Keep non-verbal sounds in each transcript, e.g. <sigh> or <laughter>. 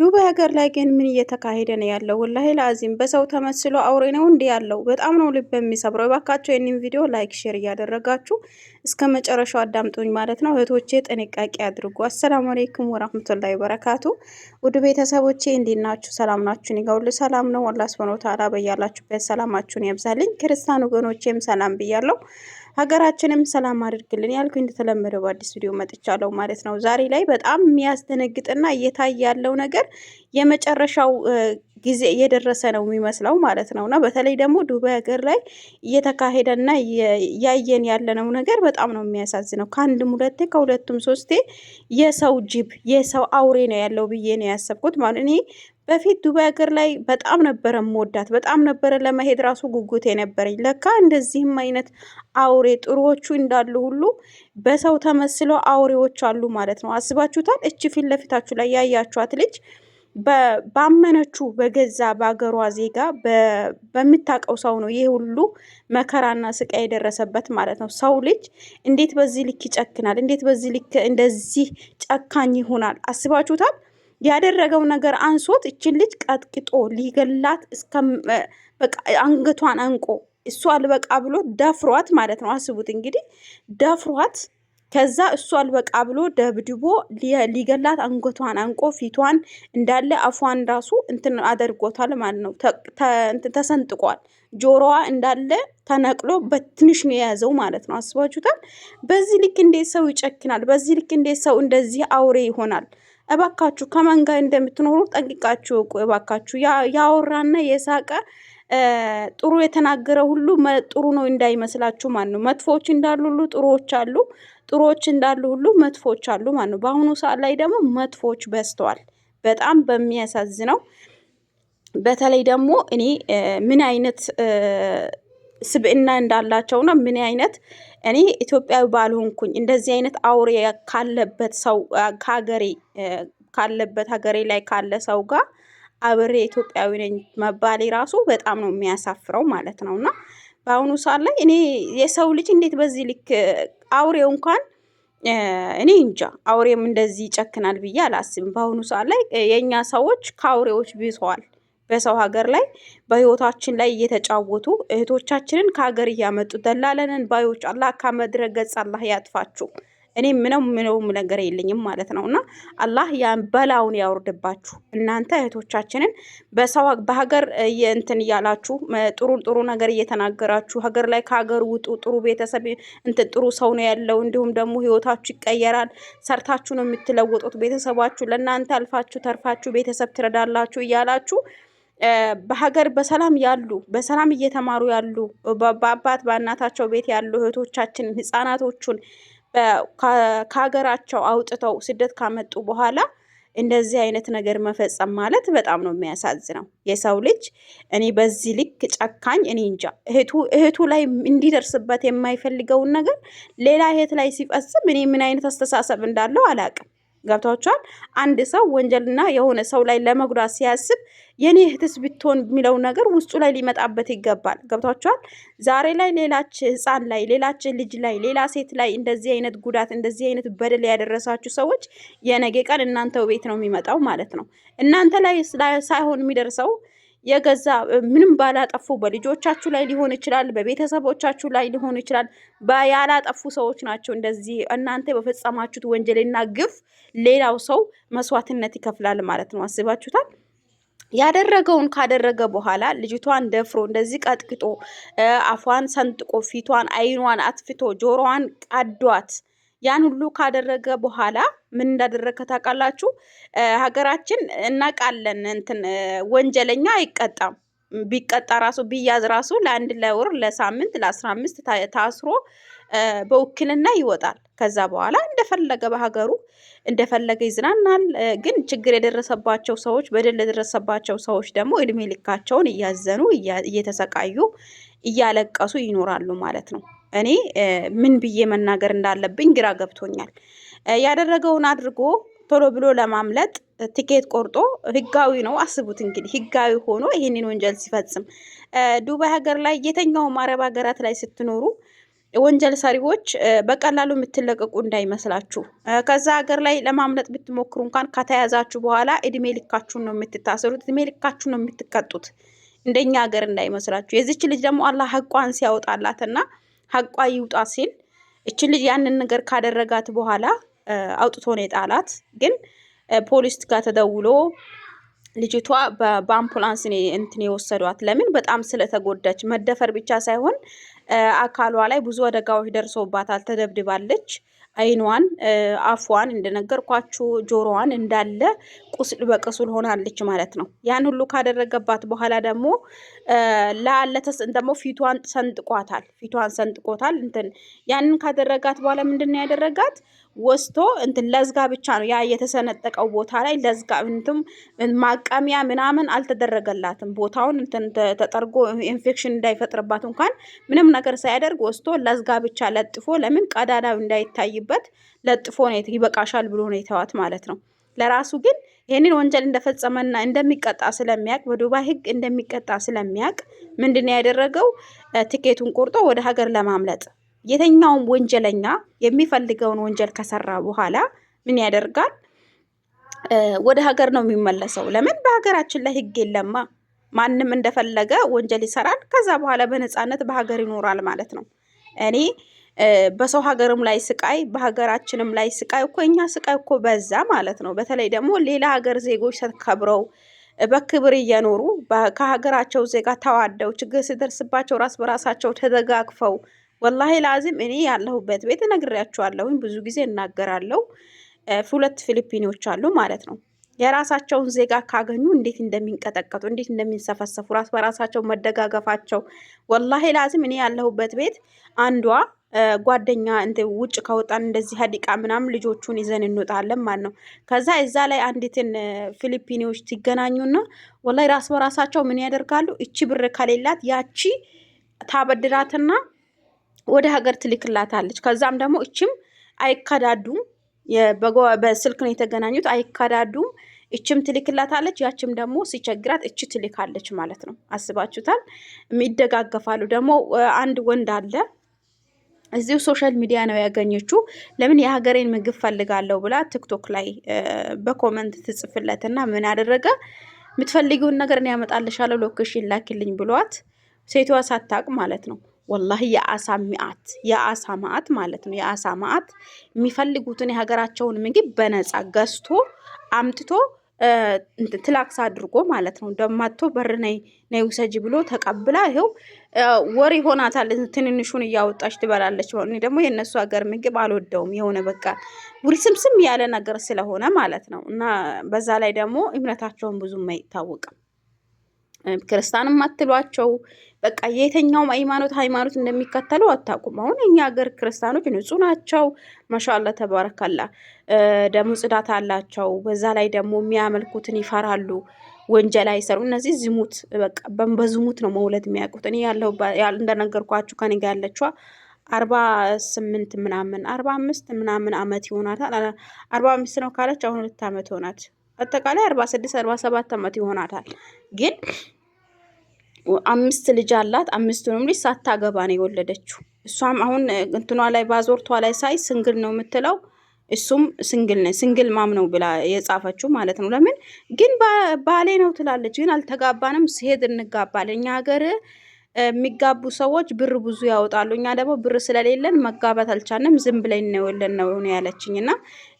ዱባይ ሀገር ላይ ግን ምን እየተካሄደ ነው ያለው? ወላሂ ለአዚም በሰው ተመስሎ አውሬ ነው እንዲ ያለው። በጣም ነው ልብ የሚሰብረው። የባካቸው የኔን ቪዲዮ ላይክ፣ ሼር እያደረጋችሁ እስከ መጨረሻው አዳምጡኝ ማለት ነው እህቶቼ፣ ጥንቃቄ አድርጉ። አሰላሙ አሌይኩም ወራህመቱላሂ ወበረካቱ። ውድ ቤተሰቦቼ እንዲህ ናችሁ? ሰላም ናችሁን? ይገውል ሰላም ነው። አላህ ሱብሃነሁ ወተዓላ በያላችሁበት ሰላማችሁን ያብዛልኝ። ክርስቲያን ወገኖቼም ሰላም ብያለሁ። ሀገራችንም ሰላም አድርግልን ያልኩ እንደተለመደው በአዲስ ቪዲዮ መጥቻለሁ ማለት ነው። ዛሬ ላይ በጣም የሚያስደነግጥና እየታየ ያለው ነገር የመጨረሻው ጊዜ እየደረሰ ነው የሚመስለው ማለት ነው። እና በተለይ ደግሞ ዱባይ ሀገር ላይ እየተካሄደና እያየን ያለነው ነገር በጣም ነው የሚያሳዝነው። ከአንድም ሁለቴ ከሁለቱም ሶስቴ የሰው ጅብ የሰው አውሬ ነው ያለው ብዬ ነው ያሰብኩት ማለት እኔ በፊት ዱባይ ሀገር ላይ በጣም ነበረ መወዳት በጣም ነበረ ለመሄድ ራሱ ጉጉት የነበረኝ። ለካ እንደዚህም አይነት አውሬ ጥሩዎቹ እንዳሉ ሁሉ በሰው ተመስሎ አውሬዎች አሉ ማለት ነው። አስባችሁታል? እች ፊት ለፊታችሁ ላይ ያያችኋት ልጅ ባመነችው በገዛ በአገሯ ዜጋ በምታውቀው ሰው ነው ይህ ሁሉ መከራና ስቃይ የደረሰበት ማለት ነው። ሰው ልጅ እንዴት በዚህ ልክ ይጨክናል? እንዴት በዚህ ልክ እንደዚህ ጨካኝ ይሆናል? አስባችሁታል? ያደረገው ነገር አንሶት እችን ልጅ ቀጥቅጦ ሊገላት አንገቷን አንቆ እሱ አልበቃ ብሎ ደፍሯት ማለት ነው። አስቡት እንግዲህ ደፍሯት፣ ከዛ እሱ አልበቃ ብሎ ደብድቦ ሊገላት አንገቷን አንቆ ፊቷን እንዳለ አፏን ራሱ እንትን አደርጎታል ማለት ነው። ተሰንጥቋል። ጆሮዋ እንዳለ ተነቅሎ በትንሽ ነው የያዘው ማለት ነው። አስባችሁታል? በዚህ ልክ እንዴት ሰው ይጨክናል? በዚህ ልክ እንዴት ሰው እንደዚህ አውሬ ይሆናል? እባካችሁ ከማን ጋር እንደምትኖሩ ጠንቅቃችሁ እውቁ። እባካችሁ ያወራና የሳቀ ጥሩ የተናገረ ሁሉ ጥሩ ነው እንዳይመስላችሁ ማለት ነው። መጥፎዎች እንዳሉ ሁሉ ጥሩዎች አሉ፣ ጥሩዎች እንዳሉ ሁሉ መጥፎዎች አሉ ማለት ነው። በአሁኑ ሰዓት ላይ ደግሞ መጥፎዎች በዝተዋል በጣም በሚያሳዝነው። በተለይ ደግሞ እኔ ምን አይነት ስብዕና እንዳላቸውና ምን አይነት እኔ ኢትዮጵያዊ ባልሆንኩኝ እንደዚህ አይነት አውሬ ካለበት ሰው ከሀገሬ ካለበት ሀገሬ ላይ ካለ ሰው ጋር አብሬ ኢትዮጵያዊ ነኝ መባሌ ራሱ በጣም ነው የሚያሳፍረው ማለት ነው። እና በአሁኑ ሰዓት ላይ እኔ የሰው ልጅ እንዴት በዚህ ልክ አውሬው እንኳን እኔ እንጃ አውሬም እንደዚህ ይጨክናል ብዬ አላስብም። በአሁኑ ሰዓት ላይ የእኛ ሰዎች ከአውሬዎች ብሰዋል። በሰው ሀገር ላይ በህይወታችን ላይ እየተጫወቱ እህቶቻችንን ከሀገር እያመጡ ደላለንን ባዮች አላህ ከምድረ ገጽ አላህ ያጥፋችሁ። እኔ ምነው ምነውም ነገር የለኝም ማለት ነው። እና አላህ ያን በላውን ያወርድባችሁ። እናንተ እህቶቻችንን በሰው በሀገር እንትን እያላችሁ ጥሩ ጥሩ ነገር እየተናገራችሁ ሀገር ላይ ከሀገር ውጡ፣ ጥሩ ቤተሰብ እንትን ጥሩ ሰው ነው ያለው፣ እንዲሁም ደግሞ ህይወታችሁ ይቀየራል፣ ሰርታችሁ ነው የምትለወጡት፣ ቤተሰባችሁ ለእናንተ አልፋችሁ ተርፋችሁ ቤተሰብ ትረዳላችሁ እያላችሁ በሀገር በሰላም ያሉ በሰላም እየተማሩ ያሉ በአባት በእናታቸው ቤት ያሉ እህቶቻችን ህፃናቶቹን ከሀገራቸው አውጥተው ስደት ካመጡ በኋላ እንደዚህ አይነት ነገር መፈጸም ማለት በጣም ነው የሚያሳዝነው። የሰው ልጅ እኔ በዚህ ልክ ጨካኝ እኔ እንጃ። እህቱ እህቱ ላይ እንዲደርስበት የማይፈልገውን ነገር ሌላ እህት ላይ ሲፈጽም እኔ ምን አይነት አስተሳሰብ እንዳለው አላውቅም። ገብታችኋል። አንድ ሰው ወንጀልና የሆነ ሰው ላይ ለመጉዳት ሲያስብ የኔ እህትስ ብትሆን የሚለው ነገር ውስጡ ላይ ሊመጣበት ይገባል። ገብታችኋል። ዛሬ ላይ ሌላች ህፃን ላይ፣ ሌላች ልጅ ላይ፣ ሌላ ሴት ላይ እንደዚህ አይነት ጉዳት እንደዚህ አይነት በደል ያደረሳችሁ ሰዎች የነገ ቀን እናንተው ቤት ነው የሚመጣው ማለት ነው። እናንተ ላይ ሳይሆን የሚደርሰው የገዛ ምንም ባላጠፉ በልጆቻችሁ ላይ ሊሆን ይችላል፣ በቤተሰቦቻችሁ ላይ ሊሆን ይችላል። ያላጠፉ ሰዎች ናቸው እንደዚህ እናንተ በፈጸማችሁት ወንጀልና ግፍ ሌላው ሰው መስዋዕትነት ይከፍላል ማለት ነው። አስባችሁታል? ያደረገውን ካደረገ በኋላ ልጅቷን ደፍሮ እንደዚህ ቀጥቅጦ አፏን ሰንጥቆ ፊቷን አይኗን አትፍቶ ጆሮዋን ቀዷት ያን ሁሉ ካደረገ በኋላ ምን እንዳደረግከ ታውቃላችሁ? ሀገራችን እናውቃለን። እንትን ወንጀለኛ አይቀጣም። ቢቀጣ ራሱ ቢያዝ ራሱ ለአንድ ለወር ለሳምንት ለአስራ አምስት ታስሮ በውክልና ይወጣል። ከዛ በኋላ እንደፈለገ በሀገሩ እንደፈለገ ይዝናናል። ግን ችግር የደረሰባቸው ሰዎች፣ በደል የደረሰባቸው ሰዎች ደግሞ እድሜ ልካቸውን እያዘኑ እየተሰቃዩ እያለቀሱ ይኖራሉ ማለት ነው። እኔ ምን ብዬ መናገር እንዳለብኝ ግራ ገብቶኛል። ያደረገውን አድርጎ ቶሎ ብሎ ለማምለጥ ትኬት ቆርጦ ህጋዊ ነው። አስቡት እንግዲህ ህጋዊ ሆኖ ይህንን ወንጀል ሲፈጽም ዱባይ ሀገር ላይ የተኛውም አረብ ሀገራት ላይ ስትኖሩ ወንጀል ሰሪዎች በቀላሉ የምትለቀቁ እንዳይመስላችሁ። ከዛ ሀገር ላይ ለማምለጥ ብትሞክሩ እንኳን ከተያዛችሁ በኋላ እድሜ ልካችሁን ነው የምትታሰሩት፣ እድሜ ልካችሁን ነው የምትቀጡት። እንደኛ ሀገር እንዳይመስላችሁ። የዚች ልጅ ደግሞ አላህ ሀቋን ሲያወጣላትና ሀቋ ይውጣ ሲል እችን ልጅ ያንን ነገር ካደረጋት በኋላ አውጥቶ ነው የጣላት። ግን ፖሊስ ጋር ተደውሎ ልጅቷ በአምቡላንስ እንትን የወሰዷት ለምን በጣም ስለተጎዳች፣ መደፈር ብቻ ሳይሆን አካሏ ላይ ብዙ አደጋዎች ደርሶባታል። ተደብድባለች። አይኗን፣ አፏን እንደነገርኳችሁ ጆሮዋን እንዳለ ቁስል በቁስል ሆናለች ማለት ነው። ያን ሁሉ ካደረገባት በኋላ ደግሞ ላለተስ ደግሞ ፊቷን ሰንጥቋታል። ፊቷን ሰንጥቆታል። እንትን ያንን ካደረጋት በኋላ ምንድን ነው ያደረጋት? ወስቶ እንትን ለዝጋ ብቻ ነው ያ የተሰነጠቀው ቦታ ላይ ለዝጋ እንትም ማቀሚያ ምናምን አልተደረገላትም። ቦታውን እንትን ተጠርጎ ኢንፌክሽን እንዳይፈጥርባት እንኳን ምንም ነገር ሳያደርግ ወስቶ ለዝጋ ብቻ ለጥፎ፣ ለምን ቀዳዳው እንዳይታይበት ለጥፎ ነው ይበቃሻል ብሎ ነው የተዋት ማለት ነው። ለራሱ ግን ይህንን ወንጀል እንደፈጸመና እንደሚቀጣ ስለሚያውቅ በዱባይ ሕግ እንደሚቀጣ ስለሚያውቅ ምንድን ነው ያደረገው? ትኬቱን ቆርጦ ወደ ሀገር ለማምለጥ የትኛውም ወንጀለኛ የሚፈልገውን ወንጀል ከሰራ በኋላ ምን ያደርጋል? ወደ ሀገር ነው የሚመለሰው። ለምን? በሀገራችን ላይ ህግ የለማ። ማንም እንደፈለገ ወንጀል ይሰራል። ከዛ በኋላ በነፃነት በሀገር ይኖራል ማለት ነው። እኔ በሰው ሀገርም ላይ ስቃይ፣ በሀገራችንም ላይ ስቃይ እኮ እኛ ስቃይ እኮ በዛ ማለት ነው። በተለይ ደግሞ ሌላ ሀገር ዜጎች ተከብረው በክብር እየኖሩ ከሀገራቸው ዜጋ ተዋደው ችግር ሲደርስባቸው ራስ በራሳቸው ተደጋግፈው ወላሂ ላዚም እኔ ያለሁበት ቤት እነግራችኋለሁኝ። ብዙ ጊዜ እናገራለሁ። ሁለት ፊሊፒኒዎች አሉ ማለት ነው። የራሳቸውን ዜጋ ካገኙ እንዴት እንደሚንቀጠቀጡ እንዴት እንደሚንሰፈሰፉ ራስ በራሳቸው መደጋገፋቸው፣ ወላሂ ላዚም እኔ ያለሁበት ቤት አንዷ ጓደኛ እንደ ውጭ ከወጣን እንደዚህ ሀዲቃ ምናምን ልጆቹን ይዘን እንወጣለን ማለት ነው። ከዛ እዛ ላይ አንዲትን ፊሊፒኒዎች ሲገናኙና ወላሂ ራስ በራሳቸው ምን ያደርጋሉ? እቺ ብር ከሌላት ያቺ ታበድራትና ወደ ሀገር ትልክላታለች። ከዛም ደግሞ እችም አይከዳዱም፣ በስልክ ነው የተገናኙት፣ አይከዳዱም። እችም ትልክላታለች፣ ያችም ደግሞ ሲቸግራት እች ትልካለች ማለት ነው። አስባችሁታል? ይደጋገፋሉ። ደግሞ አንድ ወንድ አለ እዚሁ ሶሻል ሚዲያ ነው ያገኘችው። ለምን የሀገሬን ምግብ ፈልጋለሁ ብላ ቲክቶክ ላይ በኮመንት ትጽፍለት እና ምን አደረገ? የምትፈልጊውን ነገር እኔ ያመጣልሻለሁ ሎኬሽን ላኪልኝ ብሏት ሴቷ ሳታቅ ማለት ነው ወላሂ የአሳ ሚአት የአሳ ማአት ማለት ነው። የአሳ ማአት የሚፈልጉትን የሀገራቸውን ምግብ በነፃ ገዝቶ አምጥቶ ትላክስ አድርጎ ማለት ነው። ደማቶ በር ነይ ነይ ውሰጂ ብሎ ተቀብላ ይኸው ወር ይሆናታል። ትንንሹን እያወጣች ትበላለች። እኔ ደግሞ የእነሱ ሀገር ምግብ አልወደውም። የሆነ በቃ ውልስምስም ያለ ነገር ስለሆነ ማለት ነው። እና በዛ ላይ ደግሞ እምነታቸውን ብዙም አይታወቅም። ክርስቲያንም አትሏቸው። በቃ የትኛውም ሃይማኖት ሃይማኖት እንደሚከተሉ አታውቁም። አሁን እኛ ሀገር ክርስቲያኖች ንጹህ ናቸው። ማሻላ ተባረካላ። ደግሞ ጽዳት አላቸው። በዛ ላይ ደግሞ የሚያመልኩትን ይፈራሉ። ወንጀል አይሰሩ። እነዚህ ዝሙት በቃ በዝሙት ነው መውለድ የሚያውቁት። እኔ ያለው እንደነገርኳችሁ ከኔ ጋር ያለችዋ አርባ ስምንት ምናምን አርባ አምስት ምናምን አመት ይሆናታል። አርባ አምስት ነው ካለች አሁን ሁለት አመት ይሆናት። አጠቃላይ አርባ ስድስት አርባ ሰባት አመት ይሆናታል ግን አምስት ልጅ አላት። አምስቱንም ልጅ ሳታገባ ነው የወለደችው። እሷም አሁን እንትኗ ላይ ባዞርቷ ላይ ሳይ ስንግል ነው የምትለው እሱም ስንግል ነ ስንግል ማም ነው ብላ የጻፈችው ማለት ነው። ለምን ግን ባሌ ነው ትላለች፣ ግን አልተጋባንም። ስሄድ እንጋባለን። እኛ ሀገር የሚጋቡ ሰዎች ብር ብዙ ያወጣሉ። እኛ ደግሞ ብር ስለሌለን መጋባት አልቻንም። ዝም ብለን ነው ሆነ ያለችኝ እና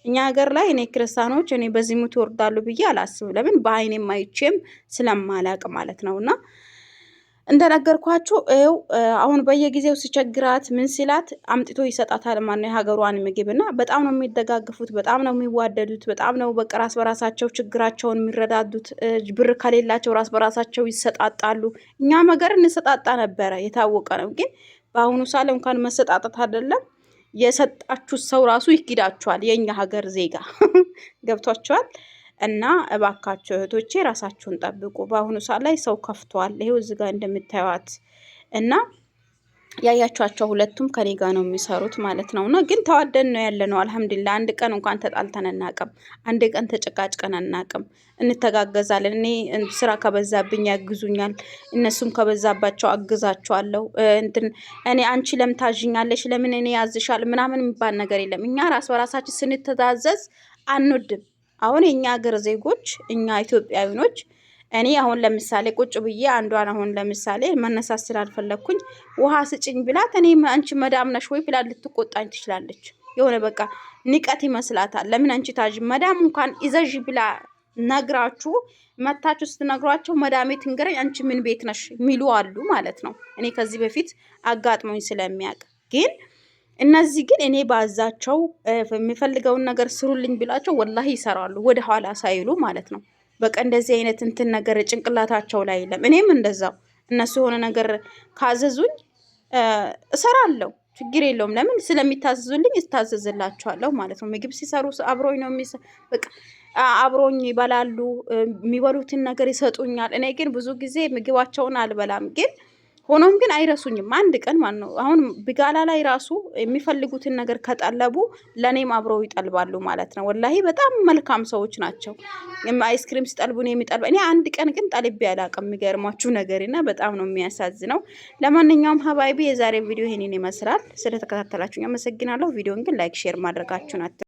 እኛ ሀገር ላይ እኔ ክርስቲያኖች እኔ በዚህ ምት ወርዳሉ ብዬ አላስብም። ለምን በአይኔም አይቼም ስለማላቅ ማለት ነው እና እንደነገርኳችሁ ይኸው አሁን በየጊዜው ሲቸግራት ምን ሲላት አምጥቶ ይሰጣታል። ነው የሀገሯን ምግብ እና በጣም ነው የሚደጋግፉት፣ በጣም ነው የሚዋደዱት፣ በጣም ነው በቃ ራስ በራሳቸው ችግራቸውን የሚረዳዱት። ብር ከሌላቸው ራስ በራሳቸው ይሰጣጣሉ። እኛ ሀገር እንሰጣጣ ነበረ፣ የታወቀ ነው። ግን በአሁኑ ሳለ እንኳን መሰጣጣት አይደለም የሰጣችሁት ሰው ራሱ ይክዳችኋል። የእኛ ሀገር ዜጋ <laughs> ገብቷችኋል። እና እባካቸው እህቶቼ ራሳችሁን ጠብቁ። በአሁኑ ሰዓት ላይ ሰው ከፍቷል። ይሄው እዚህ ጋር እንደምታዩት እና ያያቸዋቸው ሁለቱም ከኔ ጋር ነው የሚሰሩት ማለት ነው። እና ግን ተዋደን ነው ያለ ነው። አልሐምዱላ አንድ ቀን እንኳን ተጣልተን አናቅም። አንድ ቀን ተጨቃጭቀን አናቅም። እንተጋገዛለን። እኔ ስራ ከበዛብኝ ያግዙኛል፣ እነሱም ከበዛባቸው አግዛቸዋለሁ። እንትን እኔ አንቺ ለምን ታዥኛለሽ? ለምን እኔ ያዝሻል? ምናምን የሚባል ነገር የለም። እኛ ራስ በራሳችን ስንተዛዘዝ አንወድም። አሁን የእኛ ሀገር ዜጎች እኛ ኢትዮጵያዊኖች እኔ አሁን ለምሳሌ ቁጭ ብዬ አንዷን አሁን ለምሳሌ መነሳት ስላልፈለግኩኝ ውሃ ስጭኝ ብላት እኔ አንቺ መዳም ነሽ ወይ ብላ ልትቆጣኝ ትችላለች። የሆነ በቃ ንቀት ይመስላታል። ለምን አንቺ ታዥ መዳም እንኳን ይዘዥ ብላ ነግራችሁ መታችሁ ስትነግሯቸው መዳሜ ትንገረኝ አንቺ ምን ቤት ነሽ የሚሉ አሉ ማለት ነው። እኔ ከዚህ በፊት አጋጥሞኝ ስለሚያውቅ ግን እነዚህ ግን እኔ ባዛቸው የሚፈልገውን ነገር ስሩልኝ ብላቸው ወላሂ ይሰራሉ፣ ወደ ኋላ ሳይሉ ማለት ነው። በቃ እንደዚህ አይነት እንትን ነገር ጭንቅላታቸው ላይ የለም። እኔም እንደዛው እነሱ የሆነ ነገር ካዘዙኝ እሰራለሁ፣ ችግር የለውም። ለምን ስለሚታዘዙልኝ እታዘዝላቸዋለሁ ማለት ነው። ምግብ ሲሰሩ አብሮኝ ነው በቃ አብሮኝ ይበላሉ። የሚበሉትን ነገር ይሰጡኛል። እኔ ግን ብዙ ጊዜ ምግባቸውን አልበላም ግን ሆኖም ግን አይረሱኝም አንድ ቀን ማን ነው። አሁን ቢጋላ ላይ ራሱ የሚፈልጉትን ነገር ከጠለቡ ለእኔም አብረው ይጠልባሉ ማለት ነው። ወላሂ በጣም መልካም ሰዎች ናቸው። አይስክሪም ሲጠልቡ ነው የሚጠልባ። እኔ አንድ ቀን ግን ጠልቤ አላውቅም። የሚገርማችሁ ነገር እና በጣም ነው የሚያሳዝነው። ለማንኛውም ሀባይቢ የዛሬ ቪዲዮ ይህንን ይመስላል። ስለተከታተላችሁ አመሰግናለሁ። ቪዲዮን ግን ላይክ፣ ሼር ማድረጋችሁ ናት